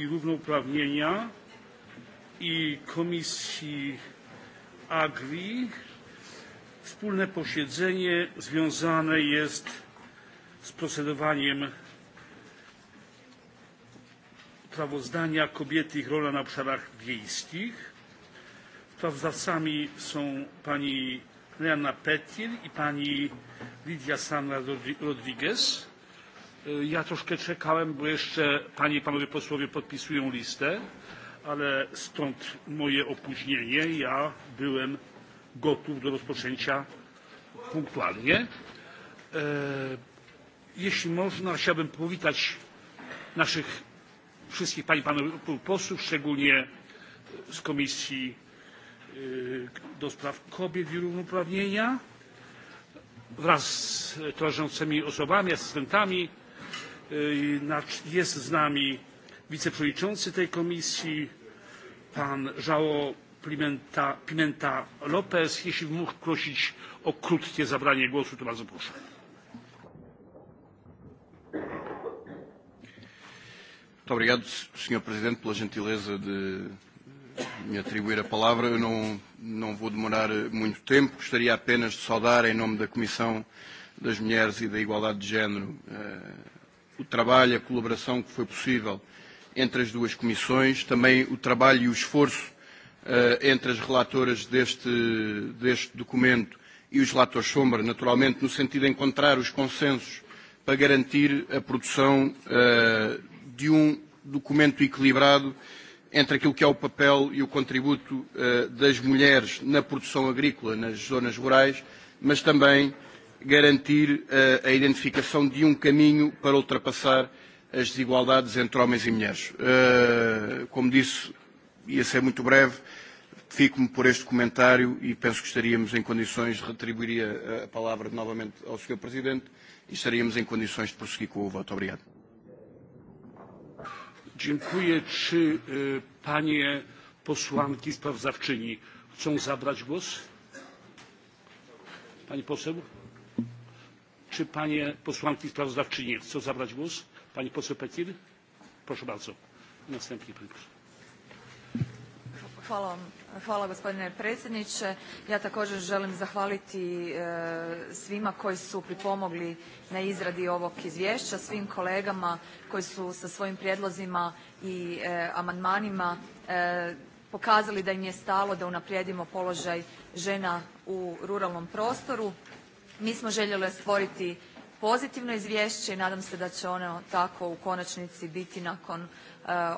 Polityki Równouprawnienia i Komisji Agri wspólne posiedzenie związane jest z procedowaniem sprawozdania kobiety i ich rola na obszarach wiejskich. Sprawozdawcami są pani Leanna Petir i pani Lidia Sandra Rodriguez. Ja troszkę czekałem, bo jeszcze panie i panowie posłowie podpisują listę, ale stąd moje opóźnienie. Ja byłem gotów do rozpoczęcia punktualnie. E, jeśli można, chciałbym powitać naszych wszystkich pań i panów posłów, szczególnie z Komisji e, do Spraw Kobiet i Równouprawnienia wraz z towarzyszącymi osobami, asystentami Jest z nami wiceprzewodniczący tej komisji, pan João Pimenta, Pimenta Lopez. Jeśli mógł prosić o krótkie zabranie głosu, to bardzo proszę. Muito obrigado, Sr. Presidente, pela gentileza de me atribuir a palavra. Eu não, não vou demorar muito tempo. Gostaria apenas de saudar, em nome da Comissão das Mulheres e da Igualdade de Género, eh, o trabalho, a colaboração que foi possível entre as duas comissões, também o trabalho e o esforço uh, entre as relatoras deste, deste documento e os relatores sombra, naturalmente, no sentido de encontrar os consensos para garantir a produção uh, de um documento equilibrado entre aquilo que é o papel e o contributo uh, das mulheres na produção agrícola nas zonas rurais, mas também uh, garantir uh, a identificação de um caminho para ultrapassar as desigualdades entre homens e mulheres. Uh, como disse, ia ser muito breve, fico-me por este comentário e penso que estaríamos em condições, de retribuir a, a palavra novamente ao Sr. Presidente e estaríamos em condições de prosseguir com o voto. Obrigado. Dziękuję. Czy y, e, panie posłanki sprawozdawczyni chcą zabrać głos? Pani poseł? czy panie posłanki sprawozdawczynie chcą zabrać głos? pani poseł petir proszę bardzo następnie pani poseł. Hvala, hvala gospodine predsjedniče. Ja također želim zahvaliti e, svima koji su pripomogli na izradi ovog izvješća, svim kolegama koji su sa svojim prijedlozima i e, amandmanima e, pokazali da im je stalo da unaprijedimo položaj žena u ruralnom prostoru Mi smo željeli stvoriti pozitivno izvješće i nadam se da će ono tako u konačnici biti nakon e,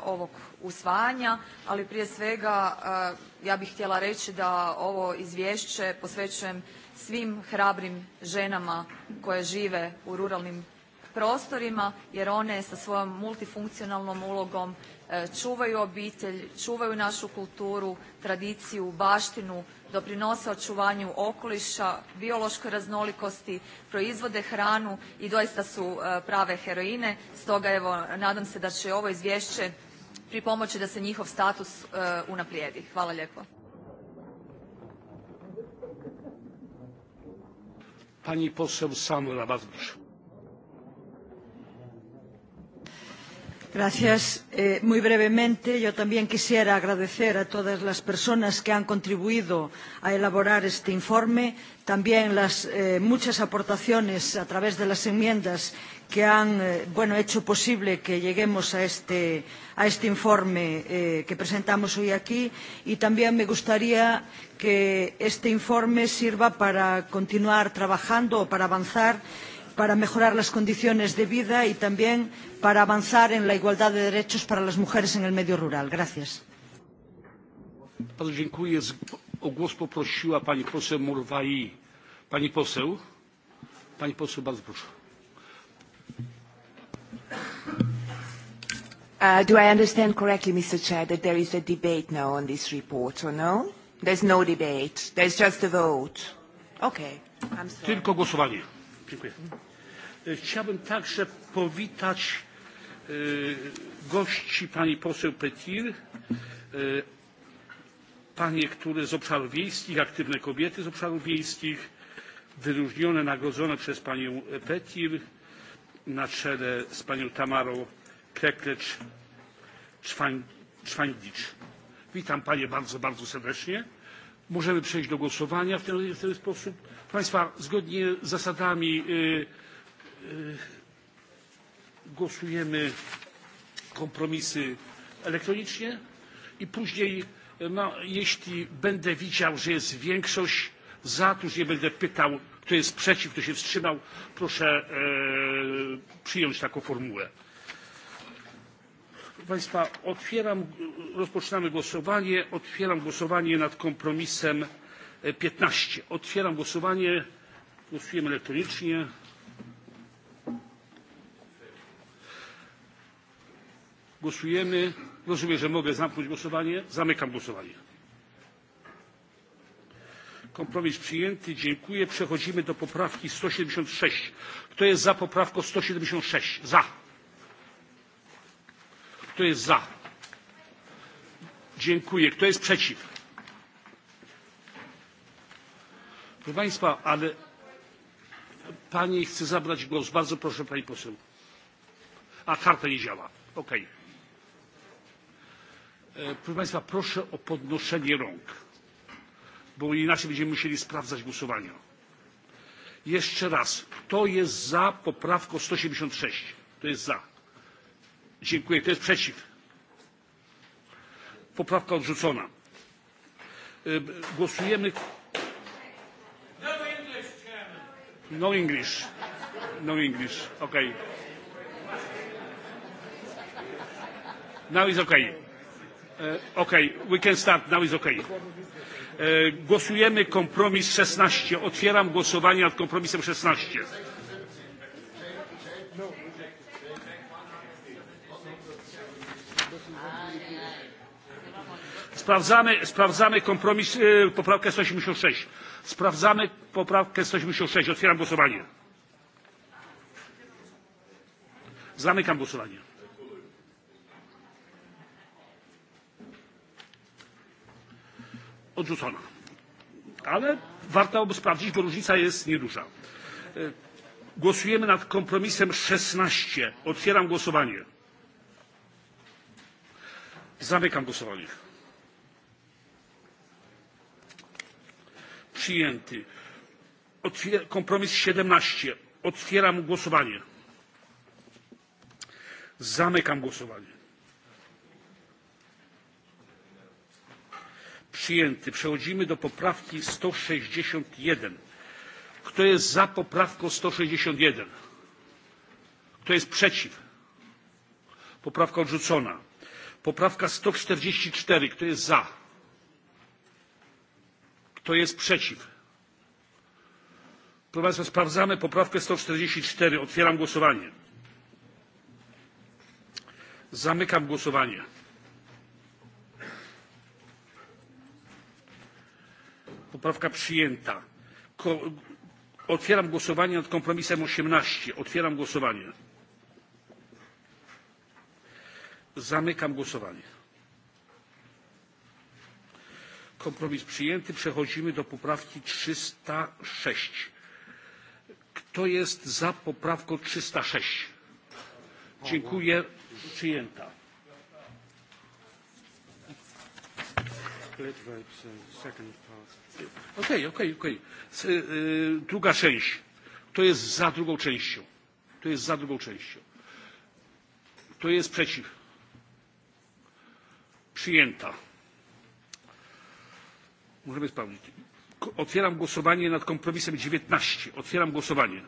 ovog usvajanja, ali prije svega e, ja bih htjela reći da ovo izvješće posvećujem svim hrabrim ženama koje žive u ruralnim prostorima jer one sa svojom multifunkcionalnom ulogom E, čuvaju obitelj, čuvaju našu kulturu, tradiciju, baštinu, doprinose očuvanju okoliša, biološkoj raznolikosti, proizvode hranu i doista su e, prave heroine. Stoga evo nadam se da će ovo izvješće pripomoći da se njihov status e, unaprijedi. Hvala lijepo. Pani poseł Samuel Abazbrz. Gracias. Eh, muy brevemente, yo también quisiera agradecer a todas las personas que han contribuido a elaborar este informe, también las eh, muchas aportaciones a través de las enmiendas que han eh, bueno, hecho posible que lleguemos a este, a este informe eh, que presentamos hoy aquí y también me gustaría que este informe sirva para continuar trabajando o para avanzar para mejorar las condiciones de vida y también para avanzar en la igualdad de derechos para las mujeres en el medio rural. Gracias. Bardzo dziękuję. O głos poprosiła pani poseł Morwai. Pani poseł? Pani poseł, bardzo proszę. Uh, do I understand correctly, Mr. Chair, that there is a debate now on this report, or no? There's no debate. There's just a vote. Okay. I'm sorry. Tylko głosowanie. Dziękuję. E, chciałbym także powitać e, gości pani poseł Petir, e, panie, które z obszarów wiejskich, aktywne kobiety z obszarów wiejskich, wyróżnione, nagrodzone przez panią Petir na czele z panią Tamarą Kreklecz Czwańdicz. Witam panie bardzo, bardzo serdecznie możemy przejść do głosowania w ten, w ten sposób. proszę państwa zgodnie z zasadami yy, yy, głosujemy kompromisy elektronicznie i później no, jeśli będę widział że jest większość za to już nie będę pytał kto jest przeciw kto się wstrzymał proszę yy, przyjąć taką formułę. Proszę Państwa, otwieram, rozpoczynamy głosowanie. Otwieram głosowanie nad kompromisem 15. E, otwieram głosowanie. Głosujemy elektronicznie. Głosujemy. Rozumiem, że mogę zamknąć głosowanie. Zamykam głosowanie. Kompromis przyjęty. Dziękuję. Przechodzimy do poprawki 176. Kto jest za poprawką 176? Za. Kto jest za? Dziękuję. Kto jest przeciw? Proszę Państwa, ale Pani chce zabrać głos. Bardzo proszę Pani poseł. A karta nie działa. Okej. Okay. E, proszę Państwa, proszę o podnoszenie rąk, bo inaczej będziemy musieli sprawdzać głosowania. Jeszcze raz, kto jest za poprawką 176? Kto jest za? Dziękuję. Kto jest przeciw? Poprawka odrzucona. Głosujemy. No English, No English. No English. Okay. Now is okay. Okay, we can start. Now is okay. Głosujemy kompromis 16. Otwieram głosowanie nad kompromisem 16. Sprawdzamy, sprawdzamy kompromis, yy, e, poprawkę 186. Sprawdzamy poprawkę 186. Otwieram głosowanie. Zamykam głosowanie. Odrzucona. Ale warto by sprawdzić, bo różnica jest nieduża. E, głosujemy nad kompromisem 16. Otwieram głosowanie. Zamykam głosowanie. przyjęty. Otwier kompromis 17. Otwieram głosowanie. Zamykam głosowanie. Przyjęty. Przechodzimy do poprawki 161. Kto jest za poprawką 161? Kto jest przeciw? Poprawka odrzucona. Poprawka 144. Kto jest za? kto jest przeciw? proszę państwa sprawdzamy poprawkę sto czterdzieści cztery otwieram głosowanie zamykam głosowanie poprawka przyjęta Ko otwieram głosowanie nad kompromisem osiemnaście otwieram głosowanie zamykam głosowanie kompromis przyjęty. przechodzimy do poprawki trzysta sześć kto jest za poprawką trzysta sześć dziękuję przyjęta okej okej okej druga część kto jest za drugą częścią kto jest za drugą częścią kto jest przeciw przyjęta Możemy spełnić. Otwieram głosowanie nad kompromisem 19. Otwieram głosowanie.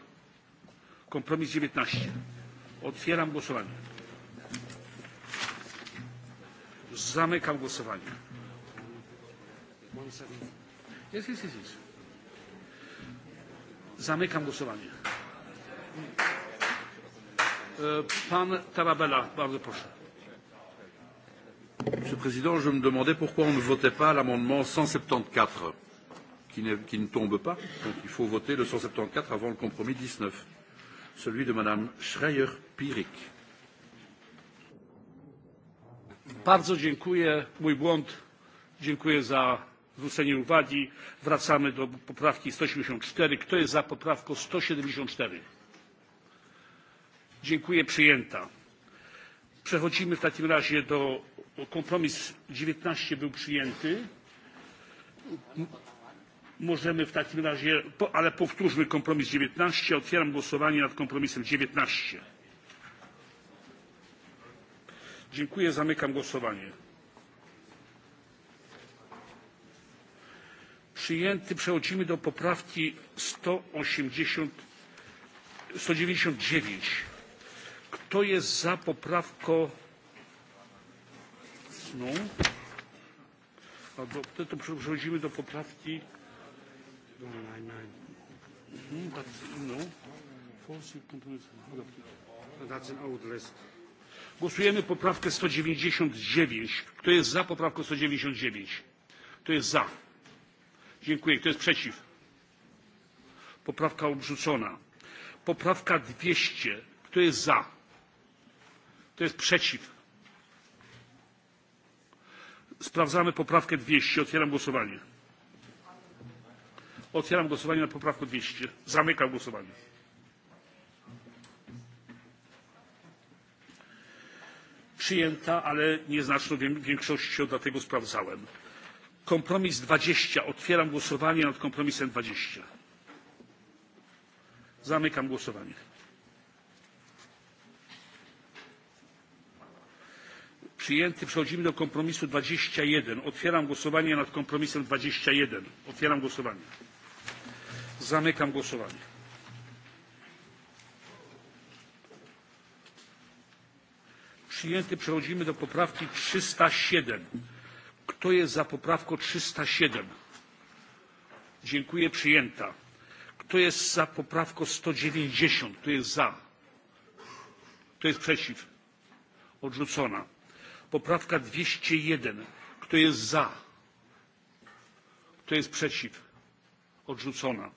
Kompromis 19. Otwieram głosowanie. Zamykam głosowanie. Jest, jest, jest, jest. Zamykam głosowanie. E, pan Tarabella, bardzo proszę. Monsieur le Président, je me demandais pourquoi on ne votait pas l'amendement 174, qui, qui ne tombe pas. Donc il faut voter le 174 avant le compromis 19, celui de Madame Schreier-Pirik. Bardzo dziękuję. Mój błąd. Dziękuję za zwrócenie uwagi. Wracamy do poprawki 174. Kto jest za poprawką 174? Dziękuję, przyjęta. Przechodzimy w takim razie do kompromis dziewiętnaście był przyjęty możemy w takim razie ale powtórzmy kompromis dziewiętnaście otwieram głosowanie nad kompromisem dziewiętnaście dziękuję zamykam głosowanie przyjęty przechodzimy do poprawki sto osiemdziesiąt sto dziewięćdzisiąt dziewięć kto jest za poprawką obecną. To przechodzimy do poprawki mhm, Głosujemy poprawkę 199. Kto jest za poprawką 199? Kto jest za? Dziękuję. Kto jest przeciw? Poprawka odrzucona. Poprawka 200. Kto jest za? Kto jest przeciw? sprawdzamy poprawkę dwieście otwieram głosowanie. otwieram głosowanie nad poprawką dwieście zamykam głosowanie. przyjęta ale nieznaczną większością dlatego sprawdzałem. kompromis dwadzieścia otwieram głosowanie nad kompromisem. dwadzieścia zamykam głosowanie. przyjęty. Przechodzimy do kompromisu 21. Otwieram głosowanie nad kompromisem 21. Otwieram głosowanie. Zamykam głosowanie. Przyjęty. Przechodzimy do poprawki 307. Kto jest za poprawką 307? Dziękuję. Przyjęta. Kto jest za poprawką 190? Kto jest za? Kto jest przeciw? Odrzucona poprawka dwieście jeden kto jest za? kto jest przeciw? odrzucona.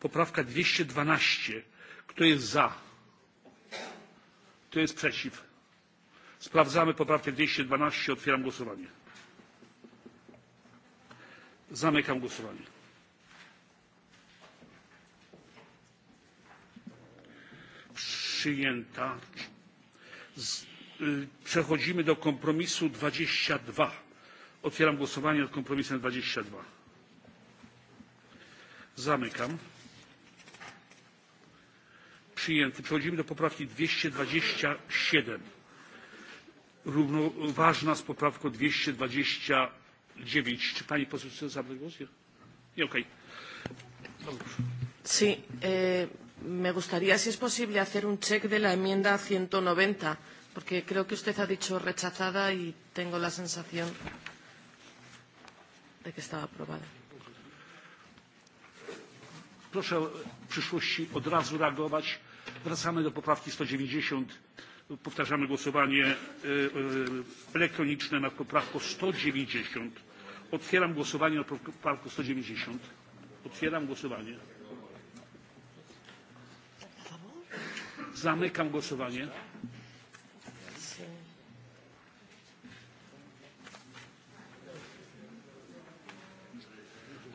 poprawka dwieście dwanaście kto jest za? kto jest przeciw? sprawdzamy poprawkę dwieście dwanaście otwieram głosowanie. zamykam głosowanie. przyjęta. Z przechodzimy do kompromisu dwadzieścia dwa otwieram głosowanie nad kompromisem dwadzieścia dwa zamykam przyjęty przechodzimy do poprawki dwieście dwadzieścia siedem równoważna z poprawką dwieście dwadzieścia dziewięć czy pani poseł chce zabrać głos? nie okej okay. sí eh, me gustaría si es posible hacer un check de la enmienda ciento noventa porque creo que usted ha dicho rechazada y tengo la sensación de que estaba aprobada. Proszę w przyszłości od razu reagować. Wracamy do poprawki 190. Powtarzamy głosowanie e, e, elektroniczne nad poprawką 190. Otwieram głosowanie nad poprawką 190. Otwieram głosowanie. Zamykam głosowanie.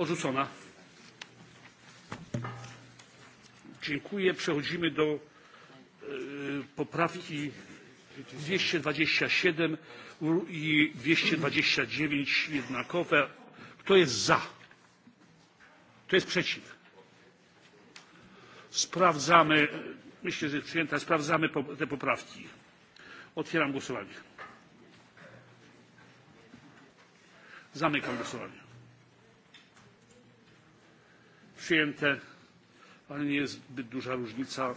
Odrzucona. Dziękuję. Przechodzimy do e, poprawki dwieście dwadzieścia siedem i dwieście dwadzieścia dziewięć jednakowe. kto jest za? kto jest przeciw? sprawdzamy myślę że jest przyjęta sprawdzamy te poprawki. otwieram głosowanie. zamykam głosowanie przyjęte ale nie jest zbyt duża różnica.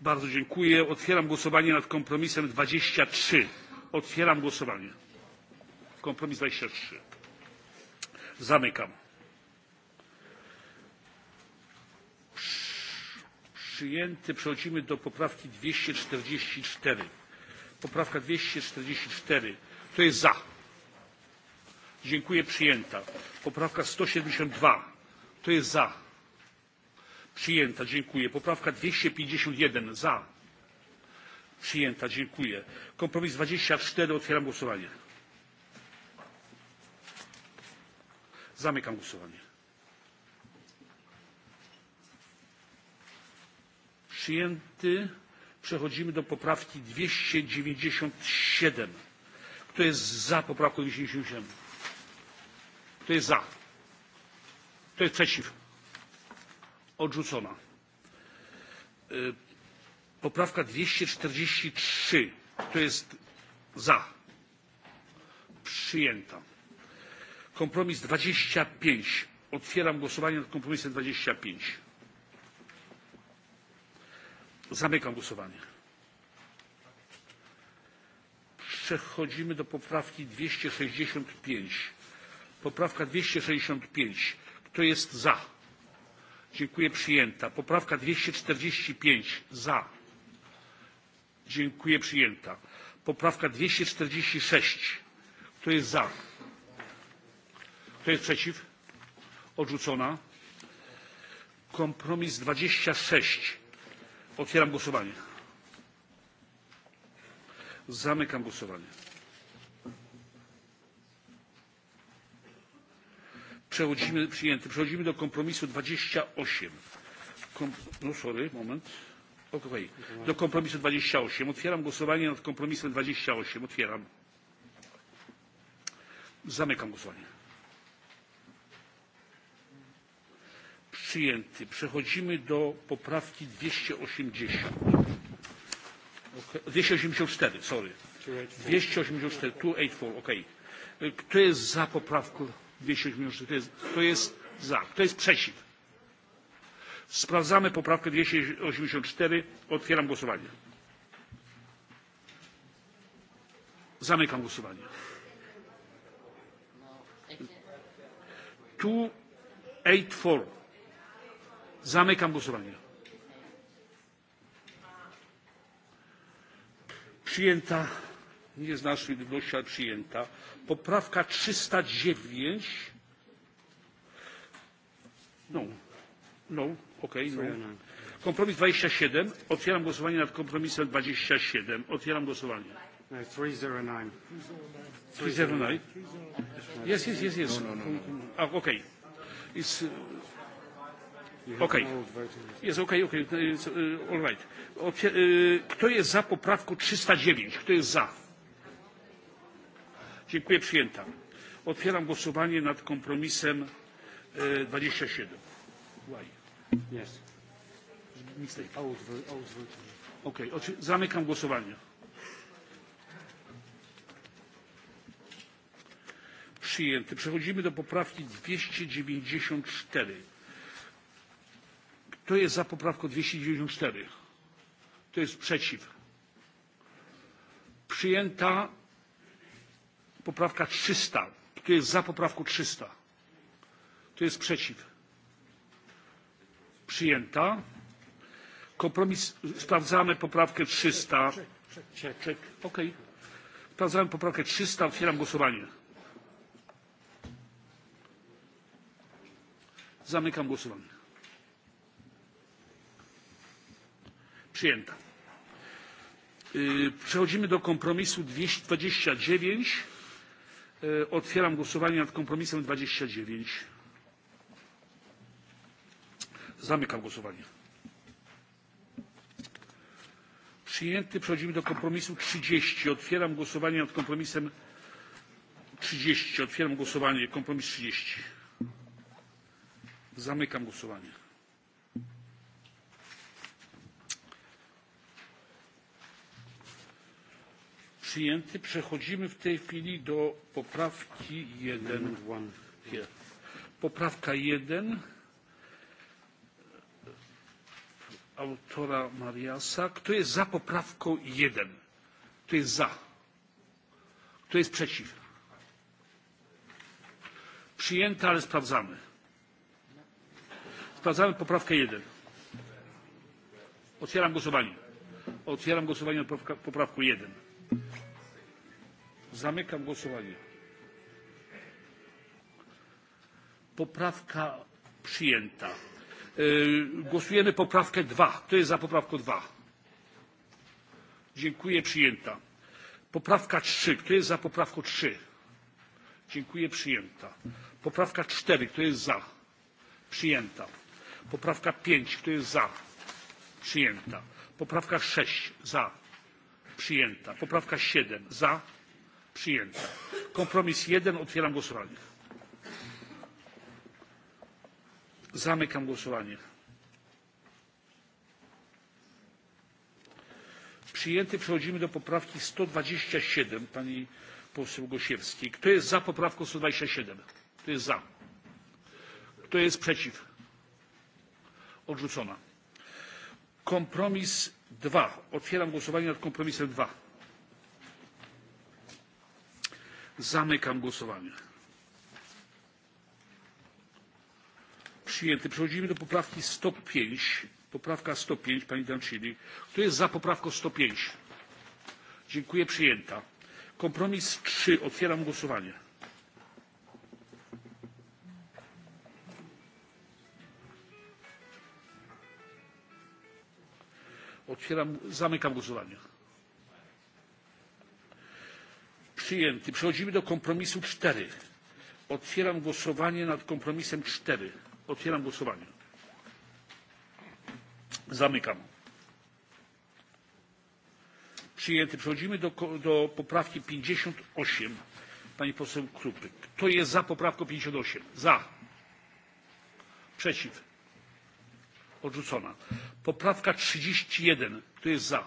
bardzo dziękuję. otwieram głosowanie nad kompromisem dwadzieścia trzy otwieram głosowanie. kompromis dwadzieścia trzy zamykam. przyjęty. przechodzimy do poprawki dwieście czterdzieści cztery poprawka dwieście czterdzieści cztery kto jest za? dziękuję przyjęta. poprawka sto siedemdziesiąt dwa kto jest za? przyjęta dziękuję. poprawka dwieście pięćdziesiąt jeden za przyjęta dziękuję. kompromis dwadzieścia cztery otwieram głosowanie. zamykam głosowanie. przyjęty. przechodzimy do poprawki dwieście dziewięćdzisiąt siedem kto jest za poprawką dwieście dziewięćdzisiąt siedem? kto jest za? Kto jest przeciw? Odrzucona. E, poprawka 243. Kto jest za? Przyjęta. Kompromis 25. Otwieram głosowanie nad kompromisem 25. Zamykam głosowanie. Przechodzimy do poprawki 265. Poprawka 265. Kto jest za? Dziękuję. Przyjęta. Poprawka 245. Za. Dziękuję. Przyjęta. Poprawka 246. Kto jest za? Kto jest przeciw? Odrzucona. Kompromis 26. Otwieram głosowanie. Zamykam głosowanie. Przechodzimy, przyjęty. Przechodzimy do kompromisu 28. Kom, no sorry, moment. Okay. Do kompromisu 28. Otwieram głosowanie nad kompromisem 28. Otwieram. Zamykam głosowanie. Przyjęty. Przechodzimy do poprawki 280. Okay. 284, sorry. 284, 284, ok. Kto jest za poprawką? dwieście osiemdziesiąt kto jest za kto jest przeciw? sprawdzamy poprawkę dwieście osiemdziesiąt cztery otwieram głosowanie. zamykam głosowanie. two eight four zamykam głosowanie. przyjęta nie z naszej ludności ale przyjęta poprawka trzysta dziewięć kompromis dwadzieścia siedem otwieram głosowanie nad kompromisem dwadzieścia siedem otwieram głosowanie. Yes, yes, yes, yes. No, no, no. Oh, okay. It's okay. Yes, okay, okay. It's, uh, all right. Kto jest za poprawką 309? Kto jest za? dziękuję przyjęta. otwieram głosowanie nad kompromisem e, dwadzieścia siedem zamykam głosowanie. przyjęty. przechodzimy do poprawki dwieście dziewięćdzisiąt cztery kto jest za poprawką dwieście dziewięćdzisiąt cztery kto jest przeciw? przyjęta poprawka trzysta kto jest za poprawką trzysta kto jest przeciw? przyjęta. kompromis sprawdzamy poprawkę trzysta okay. sprawdzamy poprawkę trzysta otwieram głosowanie. zamykam głosowanie. przyjęta. przechodzimy do kompromisu dwieście dwadzieścia dziewięć E, otwieram głosowanie nad kompromisem dwadzieścia dziewięć zamykam głosowanie przyjęty przechodzimy do kompromisu trzydzieści otwieram głosowanie nad kompromisem trzydzieści otwieram głosowanie kompromis trzydzieści zamykam głosowanie przyjęty. Przechodzimy w tej chwili do poprawki 1. Poprawka 1 autora Mariasa. Kto jest za poprawką 1? Kto jest za? Kto jest przeciw? Przyjęta, ale sprawdzamy. Sprawdzamy poprawkę 1. Otwieram głosowanie. Otwieram głosowanie nad poprawką 1. Zamykam głosowanie. Poprawka przyjęta. Głosujemy poprawkę 2. Kto jest za poprawką 2? Dziękuję, przyjęta. Poprawka 3. Kto jest za poprawką 3? Dziękuję, przyjęta. Poprawka 4. Kto jest za? Przyjęta. Poprawka 5. Kto jest za? Przyjęta. Poprawka 6. Za przyjęta. poprawka siedem za przyjęta. kompromis jeden otwieram głosowanie. zamykam głosowanie. przyjęty. przechodzimy do poprawki sto dwadzieścia siedem pani poseł gosiewskiej. kto jest za poprawką sto dwadzieścia siedem? kto jest za? kto jest przeciw? odrzucona. kompromis dwa otwieram głosowanie nad kompromisem. dwa zamykam głosowanie. przyjęty. przechodzimy do poprawki sto pięć poprawka sto pięć pani dancili. kto jest za poprawką? sto pięć dziękuję przyjęta. kompromis trzy otwieram głosowanie. Otwieram, zamykam głosowanie. Przyjęty. Przechodzimy do kompromisu 4. Otwieram głosowanie nad kompromisem 4. Otwieram głosowanie. Zamykam. Przyjęty. Przechodzimy do, do poprawki 58 pani poseł Krupy. Kto jest za poprawką 58? Za. Przeciw odrzucona. poprawka trzydzieści jeden kto jest za?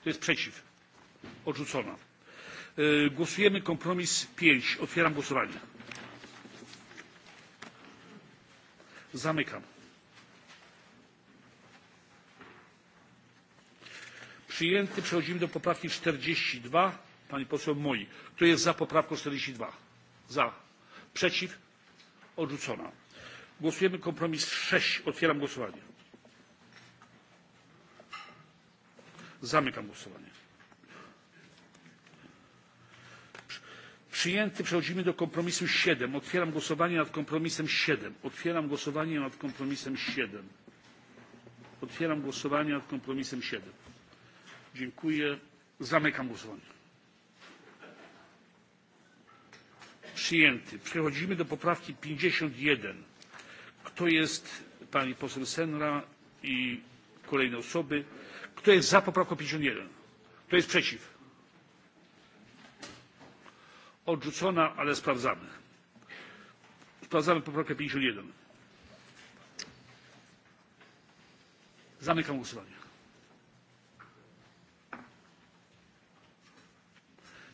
kto jest przeciw? odrzucona. Yy, e, głosujemy kompromis pięć otwieram głosowanie. zamykam. przyjęty. przechodzimy do poprawki czterdzieści dwa pani poseł moi. kto jest za poprawką czterdzieści dwa? za. przeciw? odrzucona Głosujemy kompromis 6. Otwieram głosowanie. Zamykam głosowanie. Przyjęty. Przechodzimy do kompromisu 7. Otwieram głosowanie nad kompromisem 7. Otwieram głosowanie nad kompromisem 7. Otwieram głosowanie nad kompromisem 7. Dziękuję. Zamykam głosowanie. Przyjęty. Przechodzimy do poprawki 51 Kto jest, pani poseł Senra i kolejne osoby, kto jest za poprawką 51? Kto jest przeciw? Odrzucona, ale sprawdzamy. Sprawdzamy poprawkę 51. Zamykam głosowanie.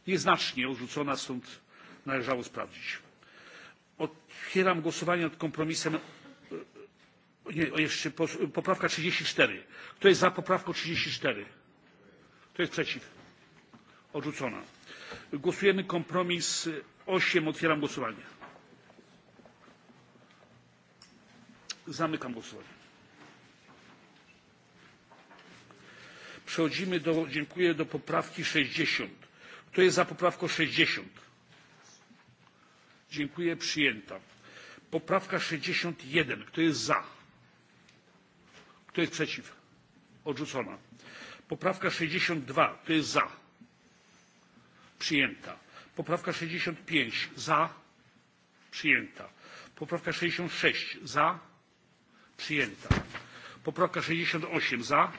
Nieznacznie odrzucona, stąd należało sprawdzić. Otwieram głosowanie nad kompromisem nie, jeszcze poprawka 34. Kto jest za poprawką 34? Kto jest przeciw? Odrzucona. Głosujemy kompromis 8. Otwieram głosowanie. Zamykam głosowanie. Przechodzimy do, dziękuję, do poprawki 60. Kto jest za poprawką 60? Dziękuję, przyjęta. Poprawka 61. Kto jest za? Kto jest przeciw? Odrzucona. Poprawka 62. Kto jest za? Przyjęta. Poprawka 65. Za? Przyjęta. Poprawka 66. Za? Przyjęta. Poprawka 68. Za?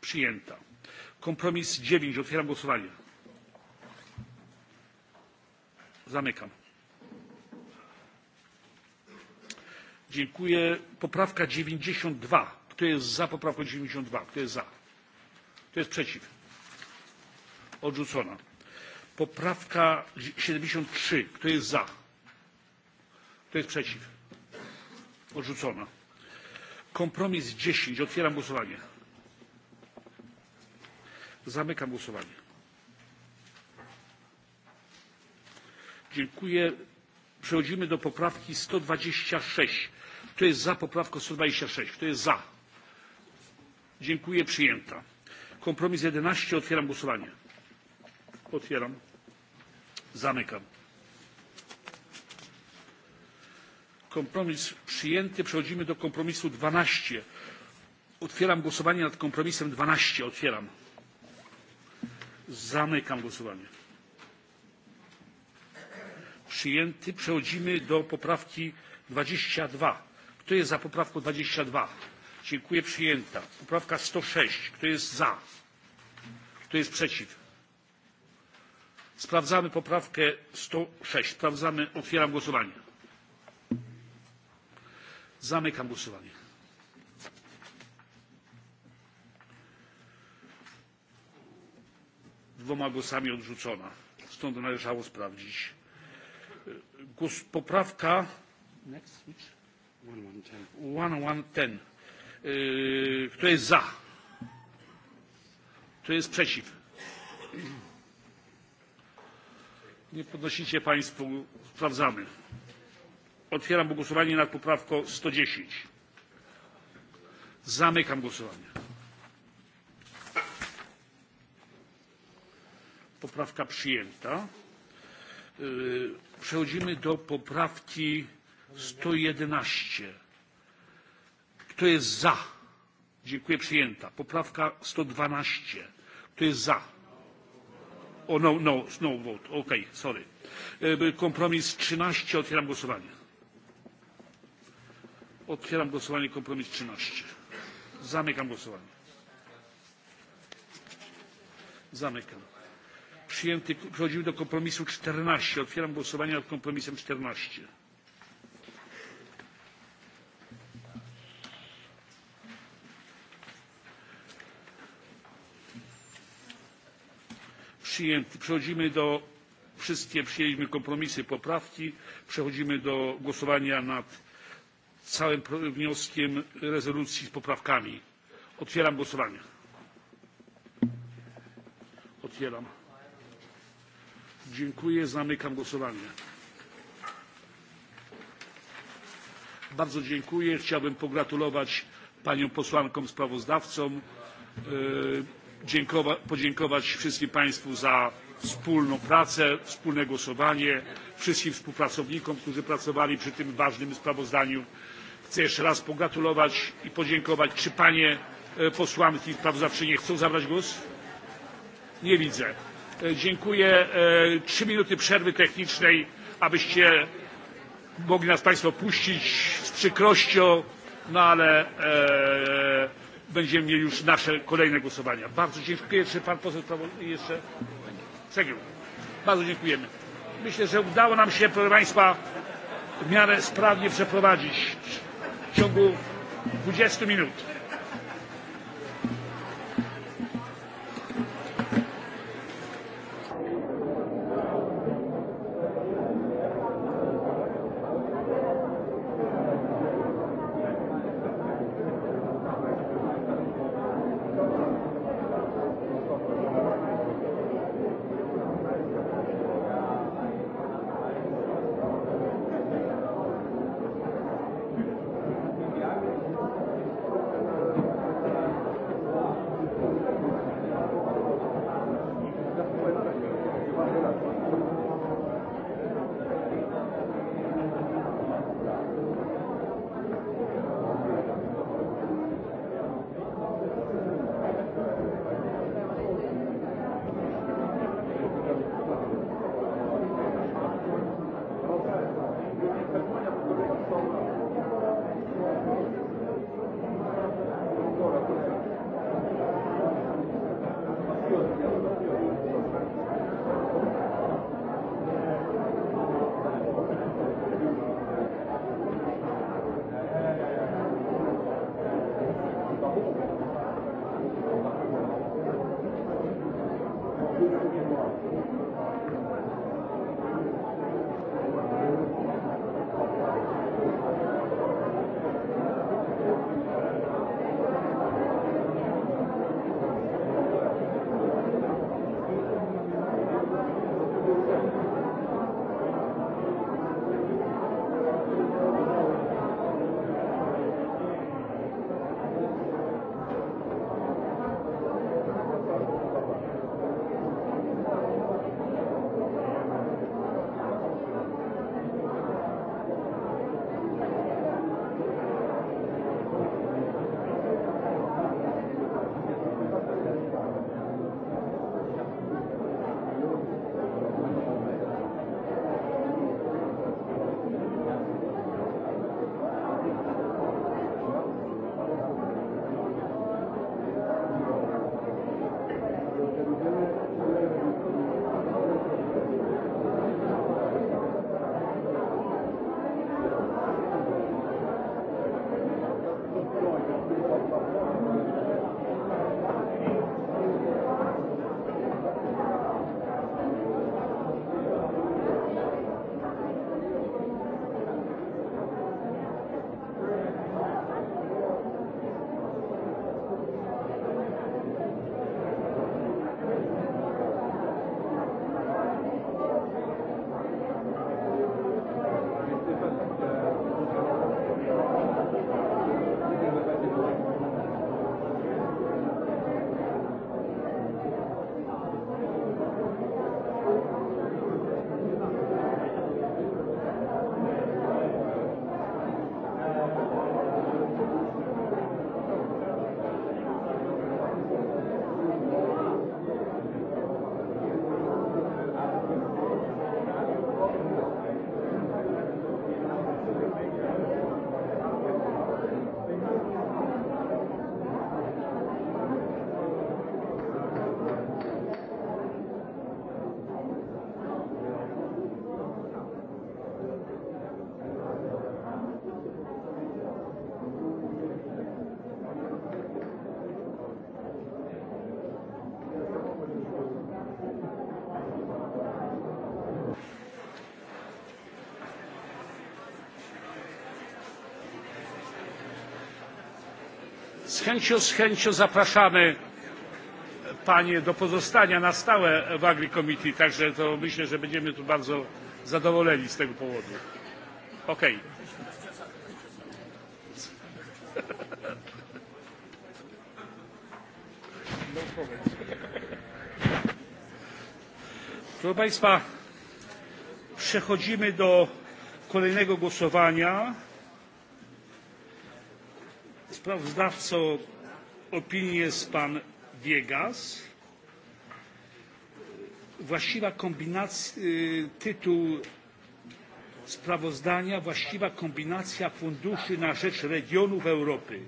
Przyjęta. Kompromis 9. Otwieram głosowanie. Zamykam. Dziękuję. Poprawka 92 Kto jest za poprawką 92? Kto jest za? Kto jest przeciw? Odrzucona. Poprawka 73. Kto jest za? Kto jest przeciw? Odrzucona. Kompromis 10. Otwieram głosowanie. Zamykam głosowanie. Dziękuję. Przechodzimy do poprawki 126. Kto jest za poprawką 126? Kto jest za? dziękuję przyjęta. kompromis jedenaście otwieram głosowanie. otwieram. zamykam. kompromis przyjęty. przechodzimy do kompromisu dwanaście. otwieram głosowanie nad kompromisem dwanaście. otwieram. zamykam głosowanie. przyjęty. przechodzimy do poprawki dwadzieścia dwa. kto jest za poprawką dwadzieścia dwa? dziękuję przyjęta. poprawka sto sześć kto jest za? kto jest przeciw? sprawdzamy poprawkę sto sześć sprawdzamy otwieram głosowanie. zamykam głosowanie. dwoma głosami odrzucona stąd należało sprawdzić. Głos, poprawka one one ten Kto jest za? Kto jest przeciw? Nie podnosicie państwo. Sprawdzamy. Otwieram głosowanie nad poprawką 110. Zamykam głosowanie. Poprawka przyjęta. Przechodzimy do poprawki 111. Kto jest za? Dziękuję, przyjęta. Poprawka 112. Kto jest za? O, oh, no, no, no vote. OK, sorry. E, kompromis 13. Otwieram głosowanie. Otwieram głosowanie kompromis 13. Zamykam głosowanie. Zamykam. Przyjęty. Przechodzimy do kompromisu 14. Otwieram głosowanie nad kompromisem 14. przyjęty. przechodzimy do wszystkie przyjęliśmy kompromisy poprawki przechodzimy do głosowania nad całym wnioskiem rezolucji z poprawkami. otwieram głosowanie. otwieram. dziękuję. zamykam głosowanie. bardzo dziękuję. chciałbym pogratulować paniom posłankom sprawozdawcom podziękować wszystkim państwu za wspólną pracę wspólne głosowanie wszystkim współpracownikom którzy pracowali przy tym ważnym sprawozdaniu. chcę jeszcze raz pogratulować i podziękować. czy panie e, posłanki sprawozdawczynie chcą zabrać głos? nie widzę. E, dziękuję. E, trzy minuty przerwy technicznej abyście mogli nas państwo opuścić z przykrością no ale będziemy mieli już nasze kolejne głosowania. Bardzo dziękuję. Czy pan poseł jeszcze? Cegiel. Bardzo dziękujemy. Myślę, że udało nam się, proszę Państwa, w miarę sprawnie przeprowadzić w ciągu 20 minut. chęcią, z chęcią zapraszamy e, panie do pozostania na stałe w agri committee także to myślę że będziemy tu bardzo zadowoleni z tego powodu. okej. Okay. proszę państwa przechodzimy do kolejnego głosowania sprawozdawcą opinią jest pan viegas. właściwa kombinacja tytuł sprawozdania właściwa kombinacja funduszy na rzecz regionów europy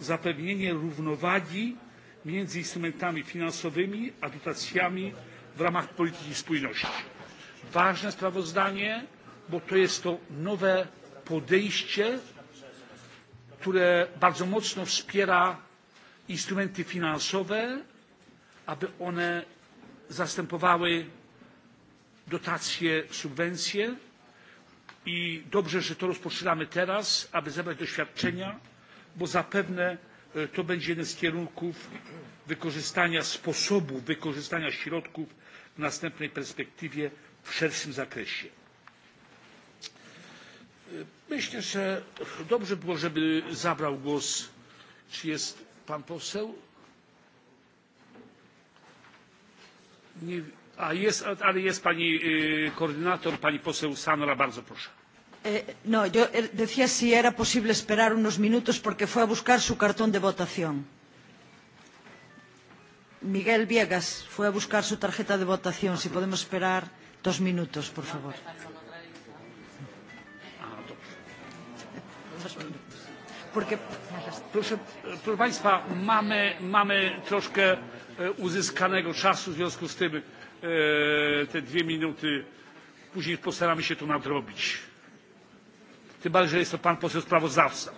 zapewnienie równowagi między instrumentami finansowymi a dotacjami w ramach polityki spójności. ważne sprawozdanie bo to jest to nowe podejście które bardzo mocno wspiera instrumenty finansowe aby one zastępowały dotacje subwencje i dobrze że to rozpoczynamy teraz aby zebrać doświadczenia bo zapewne e, to będzie jeden z kierunków wykorzystania sposobów wykorzystania środków w następnej perspektywie w szerszym zakresie. Myślę, że dobrze było, żeby zabrał głos. Czy jest pan poseł? Nie, a jest, ale jest pani y, koordynator, pani poseł Sanora, bardzo proszę. Eh, no, yo eh, decía si era posible esperar unos minutos porque fue a buscar su cartón de votación. Miguel Viegas fue a buscar su tarjeta de votación. Si podemos esperar dos minutos, por favor. No, Porque, proszę, proszę Państwa, mamy, mamy troszkę e, uzyskanego czasu, w związku z tym e, te dwie minuty, później postaramy się to nadrobić. Tym bardziej, że jest to pan poseł sprawozdawca.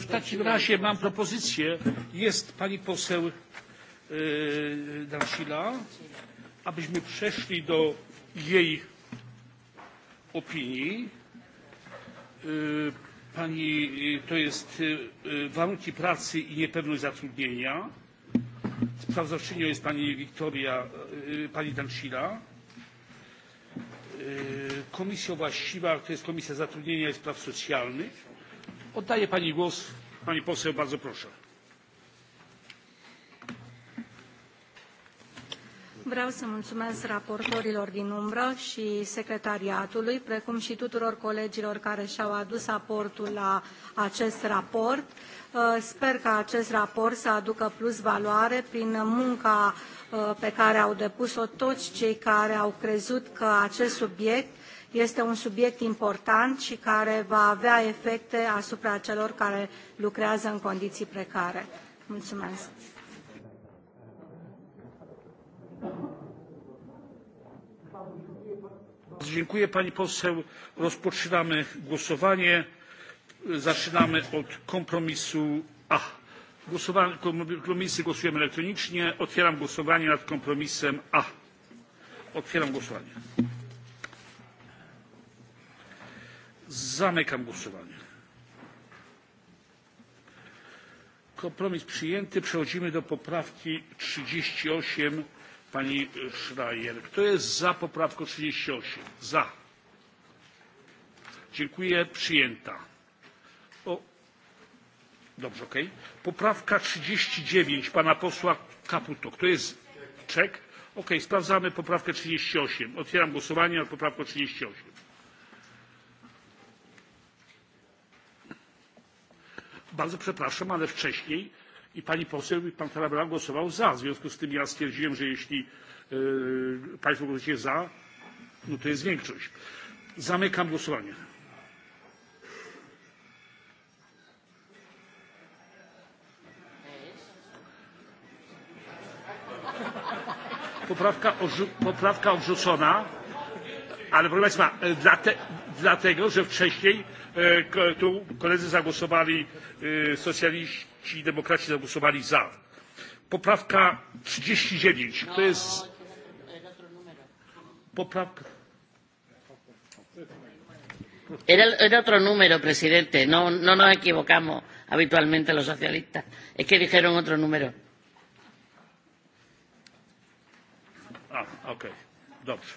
w takim razie mam propozycję jest pani poseł e, dncil abyśmy przeszli do jej opinii e, to jest e, warunki pracy i niepewność zatrudnienia sprawozdawczynią jest pani dncil komisja właściwa to jest komisja zatrudnienia i spraw socjalnych Oddaję pani głos. Pani poseł, bardzo proszę. Vreau să mulțumesc raportorilor din umbră și secretariatului, precum și tuturor colegilor care și-au adus aportul la acest raport. Uh, sper că acest raport să aducă plus valoare prin munca uh, pe care au depus-o toți cei care au crezut că acest subiect Este un subiect important și care va avea efecte asupra celor care lucrează în condiții precare. Mulțumesc! dziękuję pani poseł. rozpoczynamy głosowanie. zaczynamy od kompromisu a. kompromisy głosujemy elektronicznie. otwieram głosowanie nad kompromisem a. otwieram głosowanie. Zamykam głosowanie. Kompromis przyjęty. Przechodzimy do poprawki 38 pani Schreier. Kto jest za poprawką 38? Za. Dziękuję. Przyjęta. O. Dobrze, okej. Okay. Poprawka 39 pana posła Kaputo. Kto jest? Czek. Okej, okay, sprawdzamy poprawkę 38. Otwieram głosowanie nad poprawką 38. bardzo przepraszam ale wcześniej i pani poseł i pan tarabella głosował za w związku z tym ja stwierdziłem że jeśli yy, e, państwo głosujecie za no to jest większość. zamykam głosowanie. poprawka, odrzu poprawka odrzucona ale proszę Państwa, e, dlate, dlatego, że wcześniej e, tu koledzy zagłosowali, e, socjaliści i demokraci zagłosowali za. Poprawka 39, to jest... Poprawka... Era, era otro número, presidente. No, no nos equivocamos habitualmente los socialistas. Es que dijeron otro número. Ah, ok. Dobrze.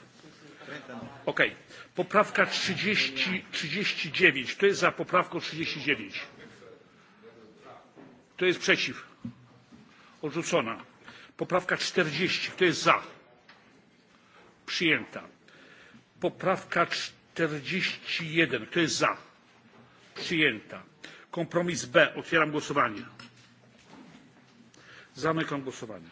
Okej. Okay. Poprawka 30, 39. Kto jest za poprawką 39? Kto jest przeciw? Odrzucona. Poprawka 40. Kto jest za? Przyjęta. Poprawka 41. Kto jest za? Przyjęta. Kompromis B. Otwieram głosowanie. Zamykam głosowanie.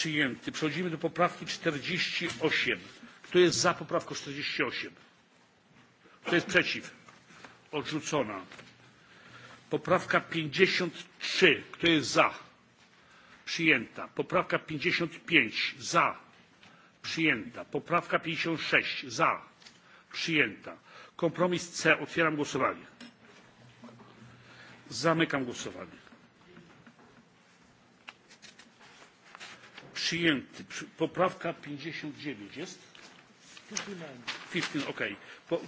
przyjęty. przechodzimy do poprawki czterdzieści osiem kto jest za poprawką czterdzieści osiem kto jest przeciw? odrzucona. poprawka pięćdziesiąt trzy kto jest za? przyjęta. poprawka pięćdziesiąt pięć za przyjęta. poprawka pięćdziesiąt sześć za przyjęta. kompromis c otwieram głosowanie. zamykam głosowanie. przyjęty. Poprawka 59 jest? 15, ok.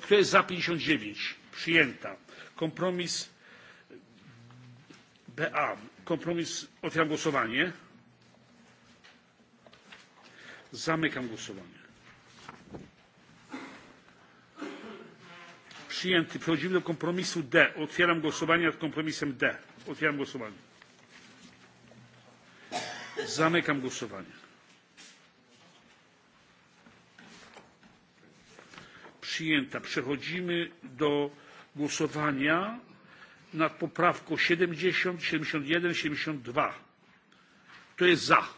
Kto jest za 59? Przyjęta. Kompromis BA. Kompromis, otwieram głosowanie. Zamykam głosowanie. Przyjęty. Przechodzimy do kompromisu D. Otwieram głosowanie nad kompromisem D. Otwieram głosowanie. Zamykam głosowanie. Przyjęta. Przechodzimy do głosowania nad poprawką 70, 71, 72. Kto jest za?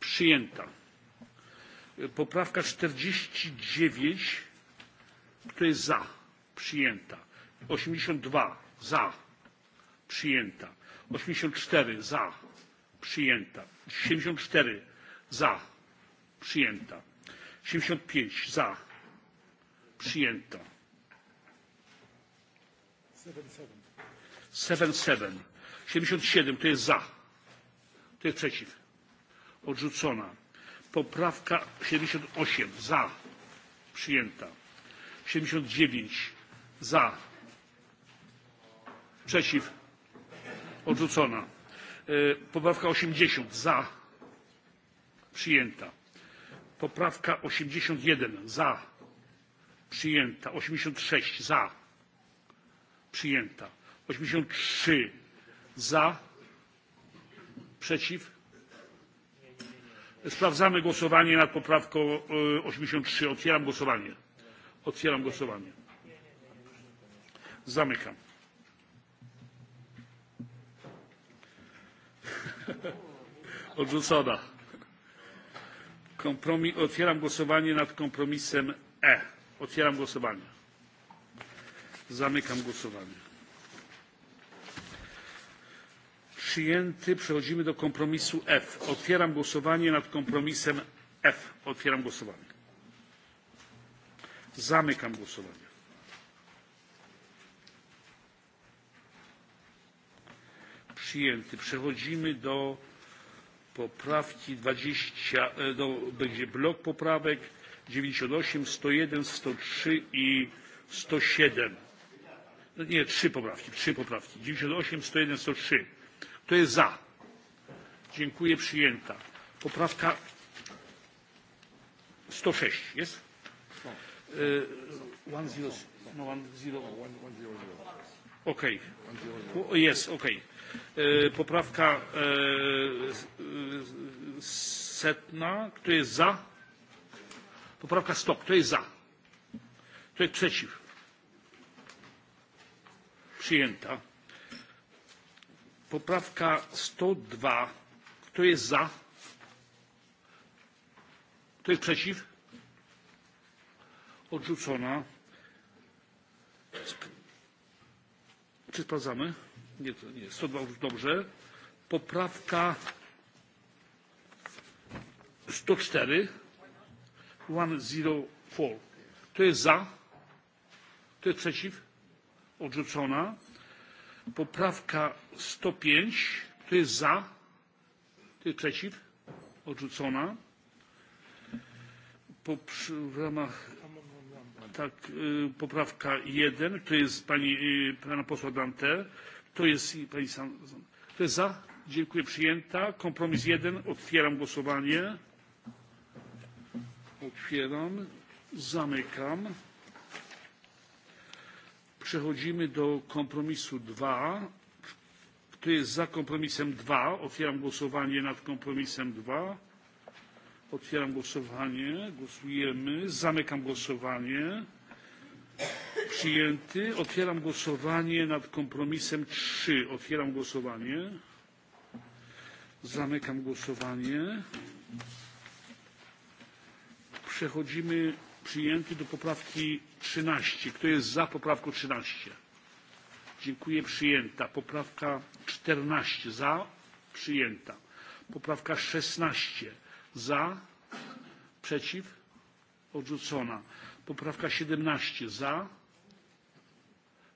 Przyjęta. Poprawka 49. Kto jest za? Przyjęta. 82. Za. Przyjęta. 84. Za przyjęta. siedemdziesiąt cztery za przyjęta. siedemdziesiąt pięć za przyjęta. seven seven siedemdziesiąt siedem kto jest za kto jest przeciw? odrzucona. poprawka siedemdziesiąt osiem za przyjęta. siedemdziesiąt dziewięć za przeciw odrzucona E, poprawka osiemdziesiąt za przyjęta poprawka osiemdziesiąt jeden za przyjęta osiemdziesiąt sześć za przyjęta osiemdziesiąt trzy za przeciw sprawdzamy głosowanie nad poprawką e, osiemdziesiąt trzy otwieram głosowanie otwieram głosowanie zamykam Odrzucona. Kompromis, otwieram głosowanie nad kompromisem E. Otwieram głosowanie. Zamykam głosowanie. Przyjęty. Przechodzimy do kompromisu F. Otwieram głosowanie nad kompromisem F. Otwieram głosowanie. Zamykam głosowanie. przyjęty. Przechodzimy do poprawki 20, e, do, będzie blok poprawek 98, 101, 103 i 107. No nie, trzy poprawki, trzy poprawki. 98, 101, 103. Kto jest za? Dziękuję, przyjęta. Poprawka 106 jest? No. Y, e, one zero, no one zero. One, one zero zero. Okej. Okay. Jest, okej. Okay. E, poprawka e, e, setna. Kto jest za? Poprawka 100. Kto jest za? Kto jest przeciw? Przyjęta. Poprawka 102. Kto jest za? Kto jest przeciw? Odrzucona czy sprawdzamy? Nie, to nie. 102 już dobrze. Poprawka 104. 104. Kto jest za? Kto jest przeciw? Odrzucona. Poprawka 105. Kto jest za? Kto jest przeciw? Odrzucona. Po, przy, w ramach tak, poprawka jeden to jest pani, pana posła dantin to jest pani kto jest za? dziękuję przyjęta. kompromis jeden otwieram głosowanie. otwieram zamykam. przechodzimy do kompromisu dwa kto jest za kompromisem dwa otwieram głosowanie nad kompromisem dwa. Otwieram głosowanie. Głosujemy. Zamykam głosowanie. Przyjęty. Otwieram głosowanie nad kompromisem 3. Otwieram głosowanie. Zamykam głosowanie. Przechodzimy przyjęty do poprawki 13. Kto jest za poprawką 13? Dziękuję. Przyjęta. Poprawka 14. Za. Przyjęta. Poprawka 16 za przeciw odrzucona poprawka siedemnaście za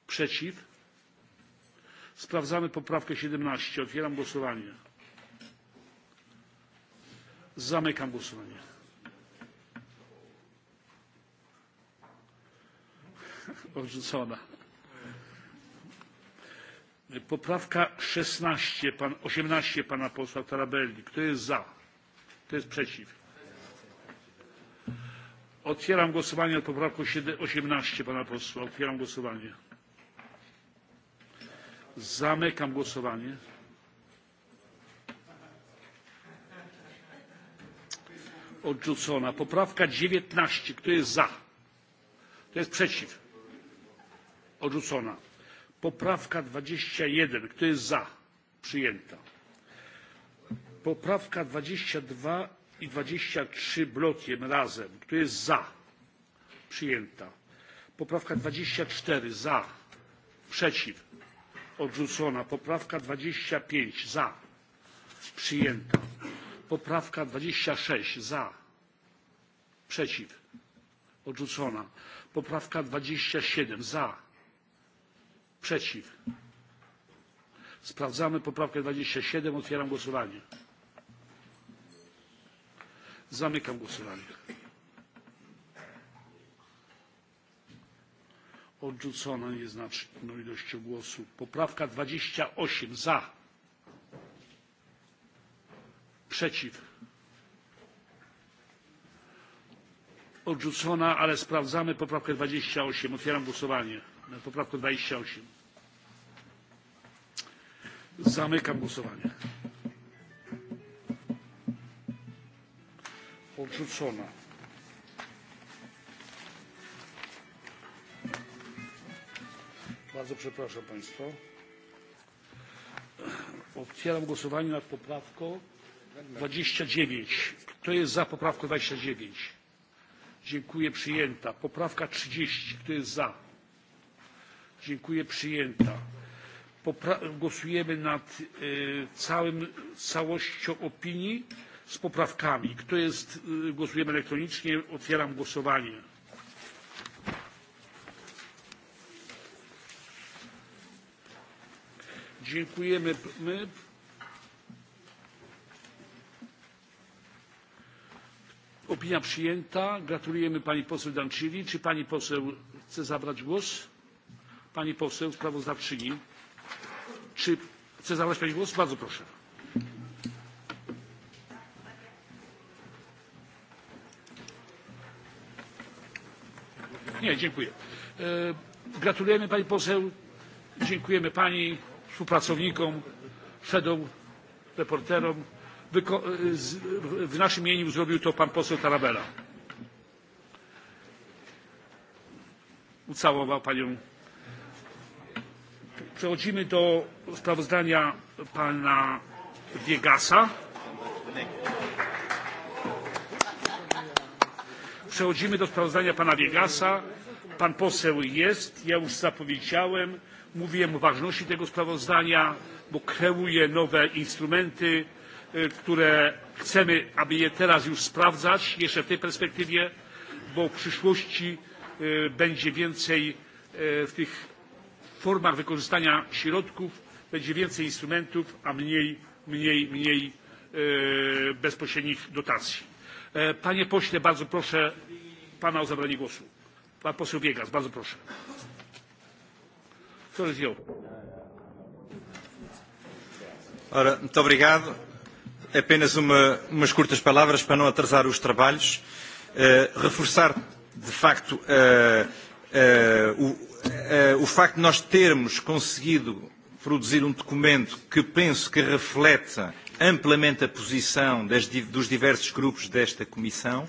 przeciw sprawdzamy poprawkę siedemnaście otwieram głosowanie zamykam głosowanie odrzucona poprawka szesnaście osiemnaście pana posła tarabelli kto jest za? kto jest przeciw? otwieram głosowanie nad poprawką osiemnaście pana posła. otwieram głosowanie. zamykam głosowanie. odrzucona. poprawka dziewiętnaście kto jest za? kto jest przeciw? odrzucona. poprawka dwadzieścia jeden kto jest za? przyjęta poprawka dwadzieścia dwa i dwadzieścia trzy blokiem razem kto jest za? przyjęta. poprawka dwadzieścia cztery za przeciw odrzucona. poprawka dwadzieścia pięć za przyjęta. poprawka dwadzieścia sześć za przeciw odrzucona. poprawka dwadzieścia siedem za przeciw sprawdzamy poprawkę dwadzieścia siedem otwieram głosowanie. Zamykam głosowanie. Odrzucona nieznaczną ilością głosów. Poprawka 28 za. Przeciw. Odrzucona, ale sprawdzamy poprawkę 28. Otwieram głosowanie nad poprawką 28. Zamykam głosowanie. Odrzucona. Bardzo przepraszam Państwa. Otwieram głosowanie nad poprawką 29. Kto jest za poprawką 29? Dziękuję, przyjęta. Poprawka 30. Kto jest za? Dziękuję, przyjęta. Popra głosujemy nad y, całym, całością opinii z poprawkami. Kto jest, głosujemy elektronicznie. Otwieram głosowanie. Dziękujemy. My. Opinia przyjęta. Gratulujemy pani poseł Danczyli. Czy pani poseł chce zabrać głos? Pani poseł sprawozdawczyni. Czy chce zabrać pani głos? Bardzo proszę. Nie, dziękuję. E, gratulujemy pani poseł, dziękujemy pani, współpracownikom, shadow reporterom. E, w naszym imieniu zrobił to pan poseł Tarabella. Ucałował panią. Przechodzimy do sprawozdania pana Wiegasa. przechodzimy do sprawozdania pana viegasa. pan poseł jest ja już zapowiedziałem mówiłem o ważności tego sprawozdania bo kreuje nowe instrumenty które chcemy aby je teraz już sprawdzać jeszcze w tej perspektywie bo w przyszłości będzie więcej w tych formach wykorzystania środków będzie więcej instrumentów a mniej mniej mniej bezpośrednich dotacji. E, panie pośle, bardzo proszę pana o zabranie głosu. Pan poseł Biegas, bardzo proszę. Senhor Gil. Ora, muito obrigado. Apenas uma, umas curtas palavras para não atrasar os trabalhos. Uh, reforçar, de facto, uh, uh, o, uh, o facto de nós termos conseguido produzir um documento que penso que reflete uh, amplamente a posição das, dos diversos grupos desta Comissão.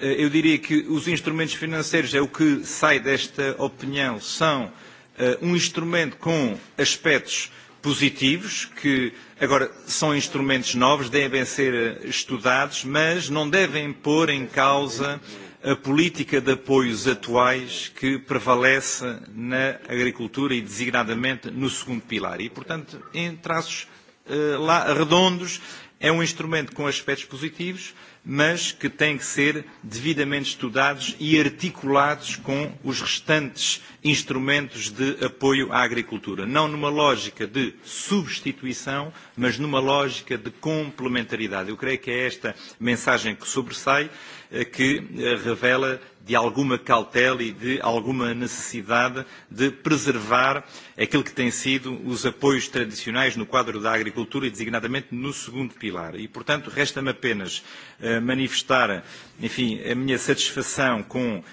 Eh, eu diria que os instrumentos financeiros, é o que sai desta opinião, são eh, um instrumento com aspectos positivos, que agora são instrumentos novos, devem ser eh, estudados, mas não devem pôr em causa a política de apoios atuais que prevalece na agricultura e designadamente no segundo pilar. E, portanto, em traços eh, lá, redondos. É um instrumento com aspectos positivos, mas que têm que ser devidamente estudados e articulados com os restantes instrumentos de apoio à agricultura. Não numa lógica de substituição, mas numa lógica de complementaridade. Eu creio que é esta mensagem que sobressai Eh, que eh, revela de alguma cautela e de alguma necessidade de preservar aquilo que tem sido os apoios tradicionais no quadro da agricultura e designadamente no segundo pilar. E, portanto, resta-me apenas uh, manifestar, enfim, a minha satisfação com uh,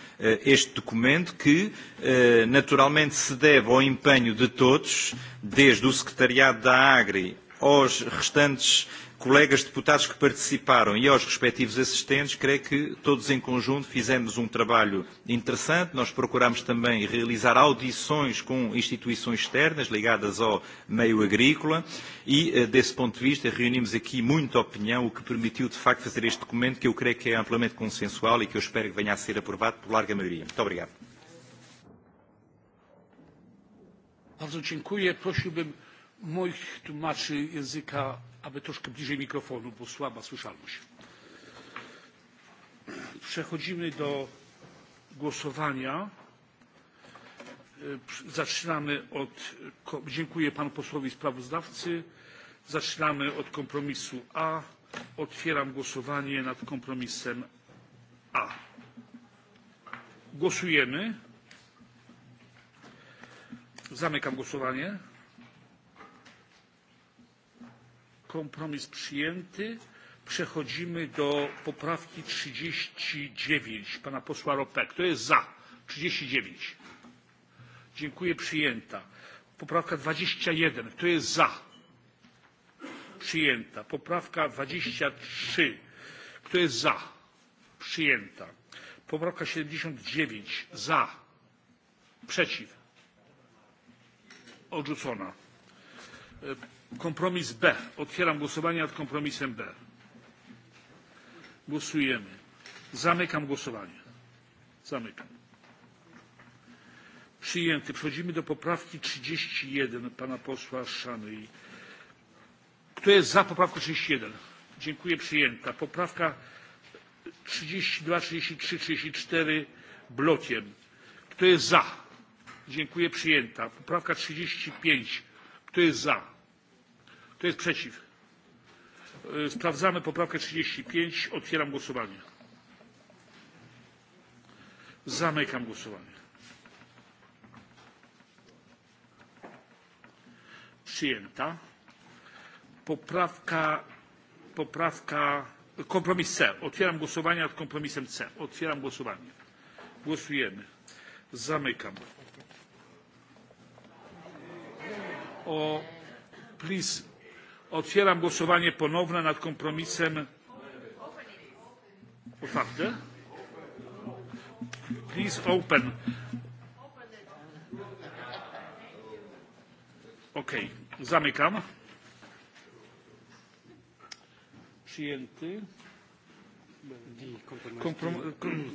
este documento que, uh, naturalmente, se deve ao empenho de todos, desde o Secretariado da Agri aos restantes colegas deputados que participaram e aos respectivos assistentes, creio que todos em conjunto fizemos um trabalho interessante. Nós procurámos também realizar audições com instituições externas ligadas ao meio agrícola e, eh, desse ponto de vista, reunimos aqui muita opinião, o que permitiu, de facto, fazer este documento que eu creio que é amplamente consensual e que eu espero que venha a ser aprovado por larga maioria. Muito obrigado. Bardzo dziękuję. Prosiłbym moich tłumaczy języka aby troszkę bliżej mikrofonu bo słaba słyszalność. przechodzimy do głosowania. E, zaczynamy od dziękuję panu posłowi sprawozdawcy zaczynamy od kompromisu a. otwieram głosowanie nad kompromisem a. głosujemy. zamykam głosowanie. kompromis przyjęty. przechodzimy do poprawki trzydzieści dziewięć pana posła rope. kto jest za? trzydzieści dziewięć dziękuję przyjęta. poprawka dwadzieścia jeden kto jest za? przyjęta. poprawka dwadzieścia trzy kto jest za? przyjęta. poprawka siedemdziesiąt dziewięć za. przeciw? odrzucona e, Kompromis B. Otwieram głosowanie nad kompromisem B. Głosujemy. Zamykam głosowanie. Zamykam. Przyjęty. Przechodzimy do poprawki 31 pana posła Szany. Kto jest za poprawką 31? Dziękuję. Przyjęta. Poprawka 32, 33, 34 blokiem. Kto jest za? Dziękuję. Przyjęta. Poprawka 35. Kto jest za? Kto jest przeciw? E, sprawdzamy poprawkę 35. Otwieram głosowanie. Zamykam głosowanie. Przyjęta. Poprawka, poprawka, kompromis C. Otwieram głosowanie nad kompromisem C. Otwieram głosowanie. Głosujemy. Zamykam. O, please Otwieram głosowanie ponowne nad kompromisem. Otwarte? Please open. OK. Zamykam. Przyjęty. Komprom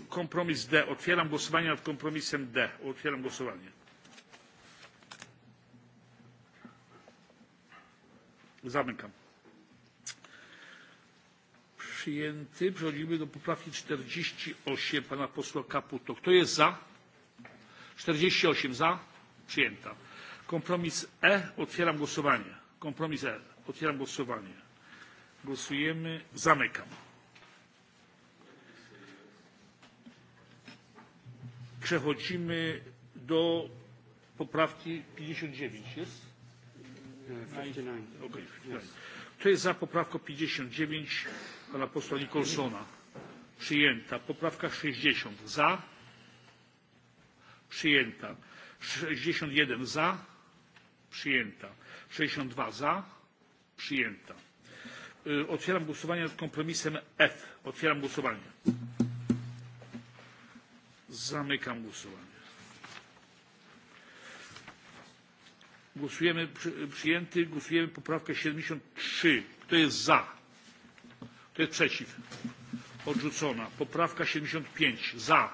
kompromis D. Otwieram głosowanie nad kompromisem D. Otwieram głosowanie. Zamykam. Przyjęty. Przechodzimy do poprawki 48 pana posła Kaputo. Kto jest za? 48 za. Przyjęta. Kompromis E. Otwieram głosowanie. Kompromis E. Otwieram głosowanie. Głosujemy. Zamykam. Przechodzimy do poprawki 59. Jest? Okay. Kto jest za poprawką 59 pana posła Nicholsona? Przyjęta. Poprawka 60 za. Przyjęta. 61 za. Przyjęta. 62 za. Przyjęta. Otwieram głosowanie nad kompromisem F. Otwieram głosowanie. Zamykam głosowanie. Głosujemy przy, przyjęty. Głosujemy poprawkę 73. Kto jest za? Kto jest przeciw? Odrzucona. Poprawka 75. Za.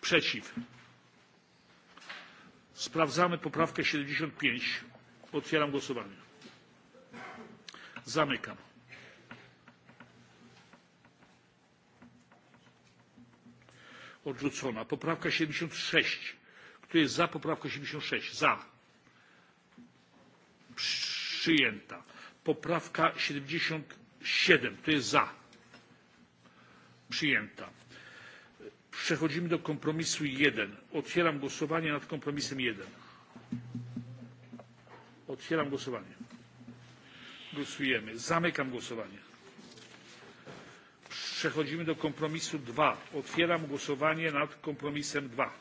Przeciw. Sprawdzamy poprawkę 75. Otwieram głosowanie. Zamykam. Odrzucona. Poprawka 76. Kto jest za poprawką 76? Za. Przyjęta. Poprawka 77. Kto jest za? Przyjęta. Przechodzimy do kompromisu 1. Otwieram głosowanie nad kompromisem 1. Otwieram głosowanie. Głosujemy. Zamykam głosowanie. Przechodzimy do kompromisu 2. Otwieram głosowanie nad kompromisem 2.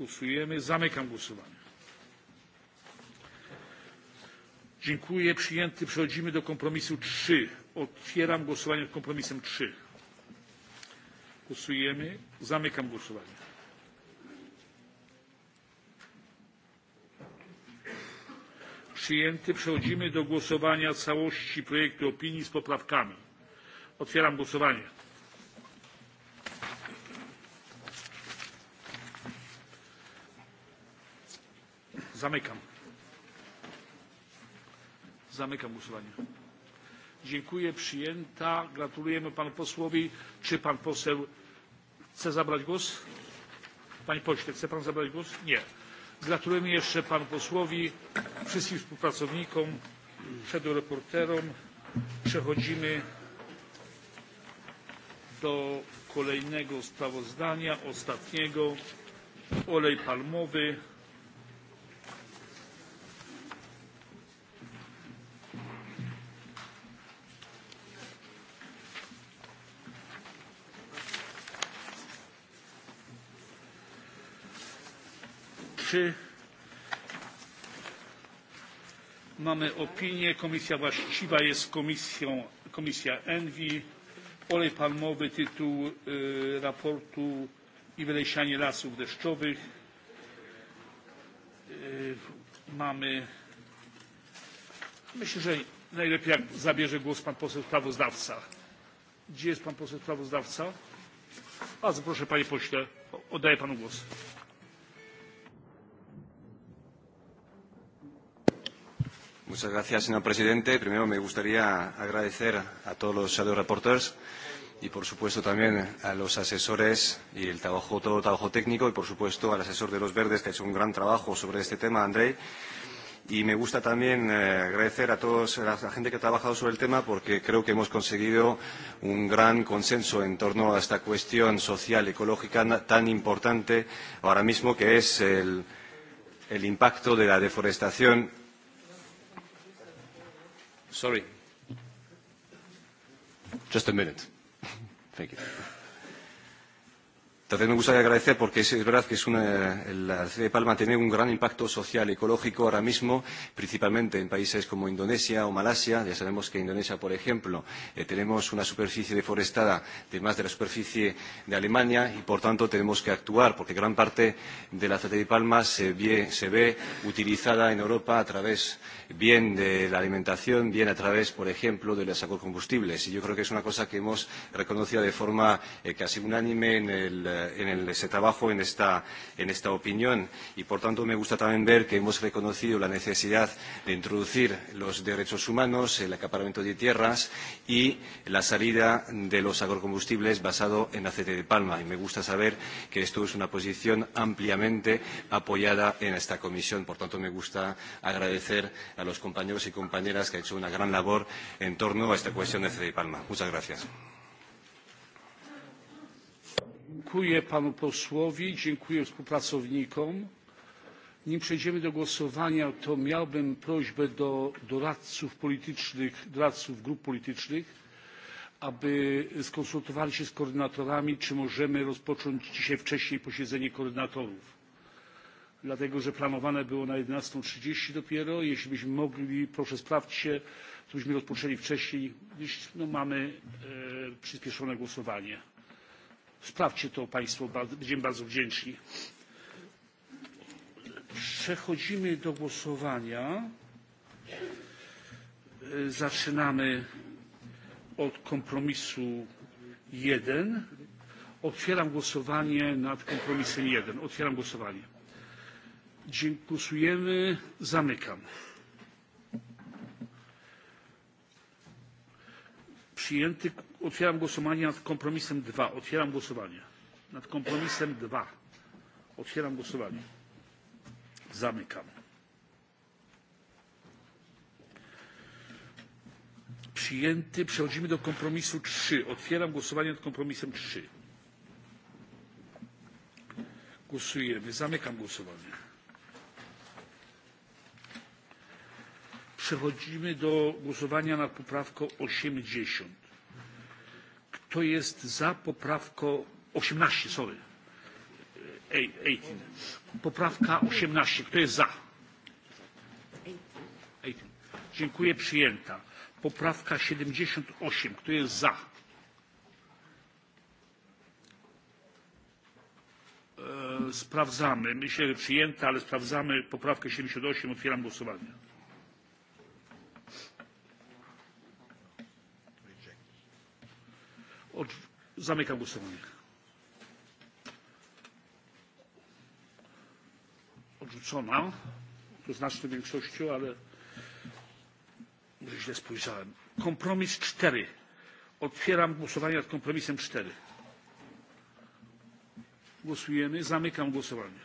Głosujemy. Zamykam głosowanie. Dziękuję. Przyjęty. Przechodzimy do kompromisu 3. Otwieram głosowanie nad kompromisem 3. Głosujemy. Zamykam głosowanie. Przyjęty. Przechodzimy do głosowania całości projektu opinii z poprawkami. Otwieram głosowanie. Zamykam. Zamykam głosowanie. Dziękuję. Przyjęta. Gratulujemy panu posłowi. Czy pan poseł chce zabrać głos? Panie pośle, chce pan zabrać głos? Nie. Gratulujemy jeszcze panu posłowi, wszystkim współpracownikom, przedoreporterom. Przechodzimy do kolejnego sprawozdania, ostatniego. Olej palmowy. rolniczy. Mamy opinię. Komisja właściwa jest komisją, komisja ENVI. Olej palmowy, tytuł y, raportu i wylesianie lasów deszczowych. Y, mamy. Myślę, że najlepiej jak zabierze głos pan poseł sprawozdawca. Gdzie jest pan poseł sprawozdawca? Bardzo proszę panie pośle, oddaję panu głos. Muchas gracias, señor presidente. Primero me gustaría agradecer a todos los shadow reporters y, por supuesto, también a los asesores y el trabajo, todo el trabajo técnico y, por supuesto, al asesor de los verdes que ha hecho un gran trabajo sobre este tema, Andrei. Y me gusta también eh, agradecer a todos a la gente que ha trabajado sobre el tema porque creo que hemos conseguido un gran consenso en torno a esta cuestión social ecológica tan importante ahora mismo que es el, el impacto de la deforestación Sorry. Just a minute. Thank you. También me gustaría agradecer porque es, es verdad que es una, la ciudad de Palma tiene un gran impacto social y ecológico ahora mismo, principalmente en países como Indonesia o Malasia. Ya sabemos que en Indonesia, por ejemplo, eh, tenemos una superficie deforestada de más de la superficie de Alemania y, por tanto, tenemos que actuar porque gran parte de la ciudad de Palma se ve, se ve utilizada en Europa a través bien de la alimentación, bien a través, por ejemplo, de los agrocombustibles. Y yo creo que es una cosa que hemos reconocido de forma eh, casi unánime en el eh, en el, ese trabajo, en esta, en esta opinión. Y, por tanto, me gusta también ver que hemos reconocido la necesidad de introducir los derechos humanos, el acaparamiento de tierras y la salida de los agrocombustibles basado en aceite de palma. Y me gusta saber que esto es una posición ampliamente apoyada en esta comisión. Por tanto, me gusta agradecer a los compañeros y compañeras que han hecho una gran labor en torno a esta cuestión de aceite de palma. Muchas gracias dziękuję panu posłowi dziękuję współpracownikom. nim przejdziemy do głosowania to miałbym prośbę do doradców politycznych doradców grup politycznych aby skonsultowali się z koordynatorami czy możemy rozpocząć dzisiaj wcześniej posiedzenie koordynatorów dlatego że planowane było na jedenaście trzydzieści dopiero. jeśli byśmy mogli proszę sprawdźcie to byśmy rozpoczęli wcześniej gdyż mamy e, przyspieszone głosowanie. Sprawdźcie to Państwo, będziemy bardzo wdzięczni. Przechodzimy do głosowania. E, zaczynamy od kompromisu 1. Otwieram głosowanie nad kompromisem 1. Otwieram głosowanie. Dziękujemy. Zamykam. przyjęty. Otwieram głosowanie nad kompromisem 2. Otwieram głosowanie. Nad kompromisem 2. Otwieram głosowanie. Zamykam. Przyjęty. Przechodzimy do kompromisu 3. Otwieram głosowanie nad kompromisem 3. Głosujemy. Zamykam głosowanie. Przechodzimy do głosowania nad poprawką 80. Kto jest za poprawką 18, sorry. 18. Poprawka 18. Kto jest za? 18. Dziękuję, przyjęta. Poprawka 78. Kto jest za? Sprawdzamy. Myślę, że przyjęta, ale sprawdzamy poprawkę 78. Otwieram głosowanie. Zamykam głosowanie. Odrzucona to znaczną większością, ale może źle spojrzałem. Kompromis 4. Otwieram głosowanie nad kompromisem 4. Głosujemy. Zamykam głosowanie.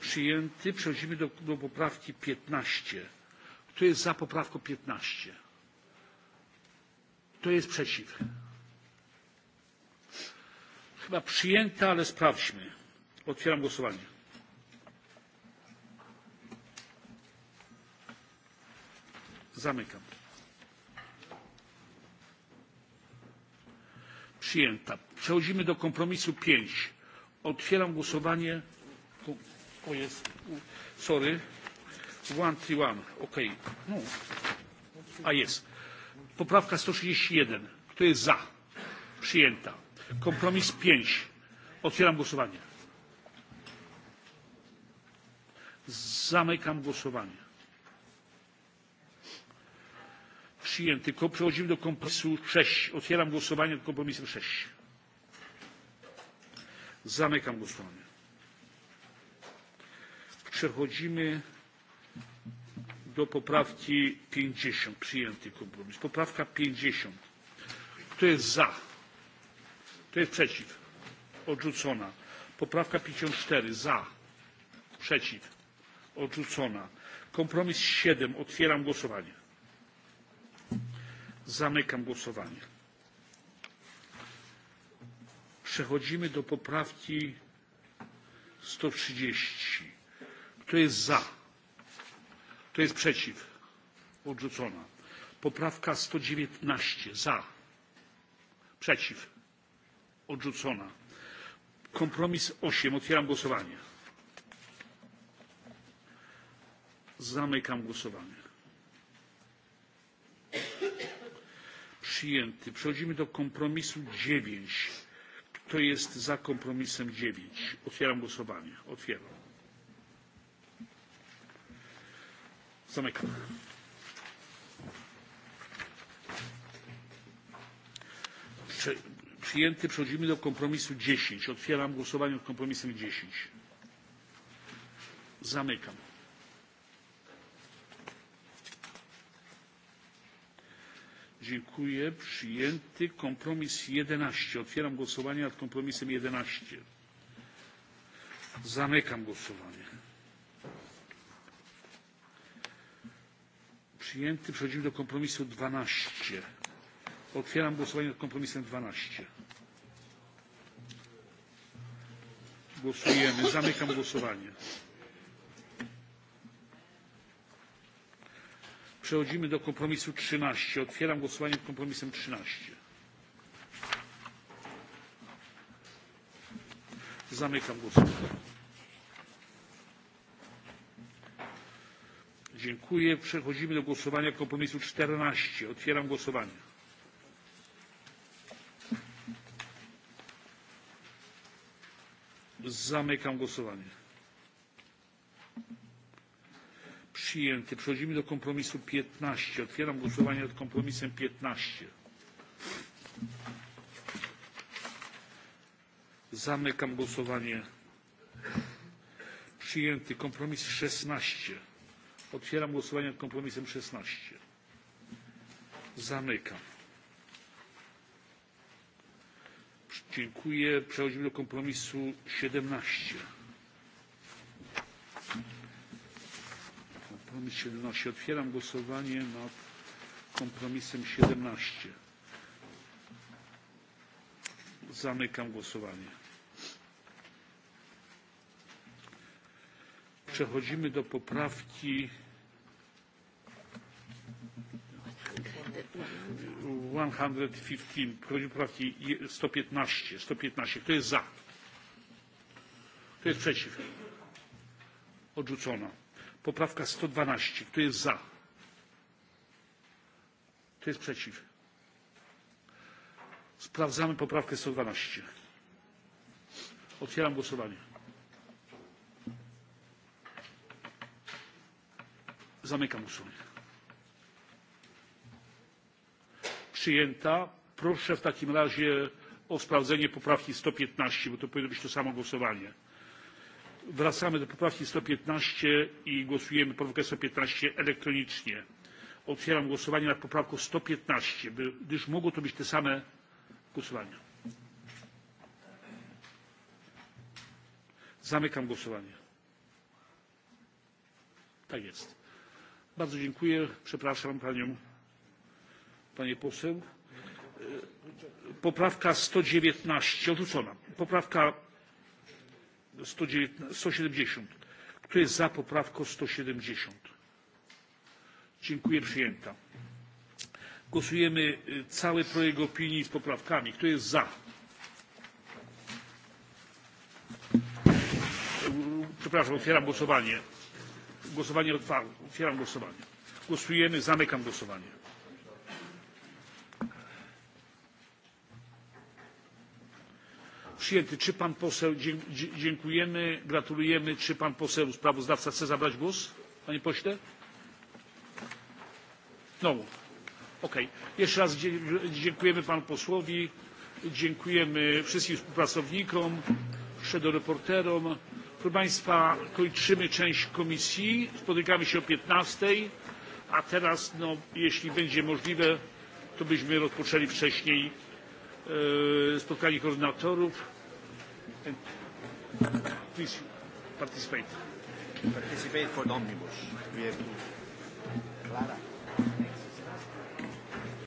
Przyjęty. Przechodzimy do, do poprawki 15. Kto jest za poprawką 15? Kto jest przeciw? Chyba przyjęta, ale sprawdźmy. Otwieram głosowanie. Zamykam. Przyjęta. Przechodzimy do kompromisu 5. Otwieram głosowanie. O jest, sorry. One, three, one. OK. No. A jest poprawka sto trzydzieści jeden kto jest za? przyjęta. kompromis pięć otwieram głosowanie. zamykam głosowanie. przyjęty. przechodzimy do kompromisu sześć otwieram głosowanie nad kompromisem sześć. zamykam głosowanie. przechodzimy do poprawki pięćdziesiąt przyjęty kompromis. poprawka pięćdziesiąt kto jest za? kto jest przeciw? odrzucona. poprawka pięćdziesiąt cztery za przeciw odrzucona. kompromis siedem otwieram głosowanie. zamykam głosowanie. przechodzimy do poprawki sto trzydzieści. kto jest za? kto jest przeciw? odrzucona. poprawka sto dziewiętnaście za przeciw odrzucona. kompromis osiem otwieram głosowanie. zamykam głosowanie. przyjęty. przechodzimy do kompromisu dziewięć kto jest za kompromisem dziewięć? otwieram głosowanie. otwieram. Zamykam. Przyjęty. Przechodzimy do kompromisu 10. Otwieram głosowanie nad kompromisem 10. Zamykam. Dziękuję. Przyjęty kompromis 11. Otwieram głosowanie nad kompromisem 11. Zamykam głosowanie. przyjęty. Przechodzimy do kompromisu 12. Otwieram głosowanie nad kompromisem 12. Głosujemy. Zamykam głosowanie. Przechodzimy do kompromisu 13. Otwieram głosowanie nad kompromisem 13. Zamykam głosowanie. Dziękuję. Przechodzimy do głosowania kompromisu 14. Otwieram głosowanie. Zamykam głosowanie. Przyjęty. Przechodzimy do kompromisu 15. Otwieram głosowanie nad kompromisem 15. Zamykam głosowanie. Przyjęty. Kompromis 16. Otwieram głosowanie nad kompromisem 16. Zamykam. Dziękuję. Przechodzimy do kompromisu 17. Kompromis 17. Otwieram głosowanie nad kompromisem 17. Zamykam głosowanie. Przechodzimy do poprawki 115, prowadzi poprawki 115, 115. Kto jest za? Kto jest przeciw? Odrzucona. Poprawka 112. Kto jest za? Kto jest przeciw? Sprawdzamy poprawkę 112. Otwieram głosowanie. Zamykam głosowanie. przyjęta. proszę w takim razie o sprawdzenie poprawki sto piętnaście bo to powinno być to samo głosowanie. wracamy do poprawki sto piętnaście i głosujemy poprawkę sto piętnaście elektronicznie. otwieram głosowanie nad poprawką sto piętnaście gdyż mogą to być te same głosowania. zamykam głosowanie. tak jest. bardzo dziękuję. przepraszam panią pani poseł. E, poprawka 119 odrzucona. Poprawka 119, 170. Kto jest za poprawką 170? Dziękuję, przyjęta. Głosujemy e, cały projekt opinii z poprawkami. Kto jest za? Przepraszam, otwieram głosowanie. Głosowanie otwarte. Otwieram głosowanie. Głosujemy, zamykam głosowanie. przyjęty. Czy pan poseł, dziękujemy, gratulujemy. Czy pan poseł sprawozdawca chce zabrać głos, panie pośle? No, okej. Okay. Jeszcze raz dziękujemy panu posłowi, dziękujemy wszystkim współpracownikom, szedoreporterom. Proszę państwa, kończymy część komisji. Spotykamy się o 15, a teraz, no, jeśli będzie możliwe, to byśmy rozpoczęli wcześniej e, spotkanie koordynatorów. And please participate. Participate for the omnibus. We have to. Clara.